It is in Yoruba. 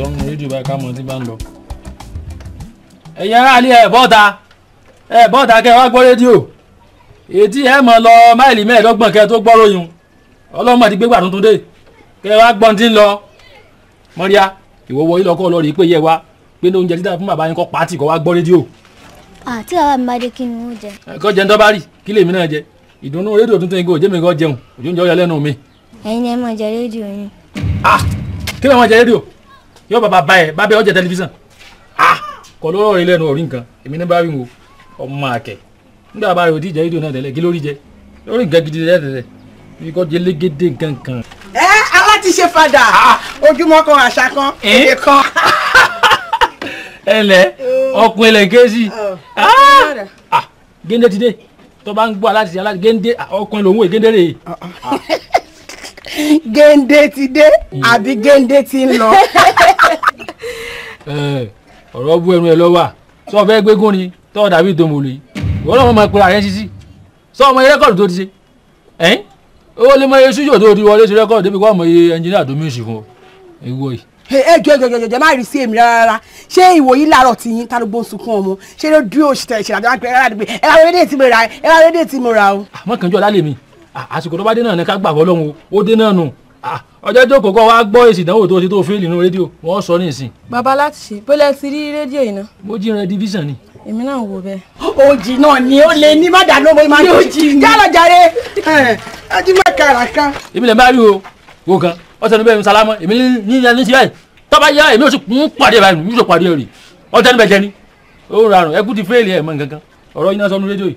sọ́nù rédíò báyìí ká mọ̀ tí bá ń lọ. ẹ̀yin aráàlú ẹ̀ bọ́ta ẹ̀ bọ́ta kẹ́ ẹ wá gbọ́ rédíò ètí ẹ̀ mọ̀ lọ máìlì mẹ́ẹ̀ẹ́dọ́gbọ̀n kẹ́ ẹ tó gbọ́ ròyìn ọlọ́mọ ti gbégbà tuntun dé kẹ́ ẹ wá gbọ́n tí ń lọ. mọ́ríà ìwọ wọ ilé ọkọ lọ rèé pé yẹ wa pé ní oúnjẹ títà fún bàbá yín kọ́ pàtì kọ́ wá gbọ́ rédíò. àti bàbá mi bá dé kí ni wọ́n jẹ. ẹ̀kọ́ jẹ́ ń tọ́ bá rì kí lèmi náà jẹ ìdùnnú rédíò tuntun igbó jẹ́mi kan jẹun òjò ń jẹ́ ọyọ lẹ́nu mi. ẹ̀yin ni ẹ máa jẹ rédíò yín. ah kí ló máa jẹ rédíò yọ bàbá bá ẹ bàbá ẹ ọjà tẹlifíṣàn ah kọ lọ́rọ̀ rẹ lẹ́nu ọ̀rí nǹkan èmi ní bá wí wo ọmọ àkẹ́ nígbà bá rẹ ò tí ì jẹ rédíò náà tẹ́lẹ̀ kí lórí jẹ lórí nǹkan gidi tẹ́lẹ̀ bí kò jẹ légédé nǹkan kan. ẹ aláti ṣe fada ojúmọ́ kan àṣà kan èdè kan. ẹ lẹ ọkùn ẹlẹgẹ sí géńdé ti dé tó bá ń gbọ́ aláti ṣe aláti géńdé ọkùn lòun ègéńdé rè é géńdé ti dé hmm. àbí géńdé ti ń lọ ọ̀rọ̀ bú ẹnu ẹ lọ́wọ́ sọ fẹ́ gbégún ni tọ́ dàbí tó mòlù yìí ìwọ náà wọ́n máa pera rẹ̀ títí sọ ọmọ iye rẹ́kọ̀dù tó ti ṣe ẹ̀yìn ó lè mọ iye ṣújò tó ti wọlé sí rẹ́kọ̀dù débi wọ́n mọ iye ẹnjìnìá tó mìíràn fún ọ ìwọ yìí. ẹ jọ jọ jọ jọ má rí sí èmi rárá ṣé ìwòyí làárọ̀ tí yín tálógbó ń sunkún ọmọ ṣé ló dúró ṣètò ìṣẹ̀lẹ̀ àti wọn rárá mi àsìkò tó bá dé náà ni ká gbà ọjọ́ jókòó kọ́ wá gbọ́ èsì ìdánwò tó ti tó fẹ́ẹ̀lì nínú rédíò wọ́n sọ ní ìsìn. bàbá láti ṣe bólẹ̀ ti rí rédíò yìí ná. mo jí ran division ni. èmi náà wò bẹ́ẹ̀. òjì náà ni ó lè ní má dáná mo máa yóò jì ní. yálà jàre ẹ ti má kàrà kan. èmi lè má rí o wo kan ọtẹ níbẹ̀ mi sálámọ́ èmi ní ìyá ní ti báyìí tọ́ba yá èmi ò sì kún pàdé báyìí mi ò sì pàdé rè ọtẹ níbẹ̀ jẹ ni ó rarùn ẹkú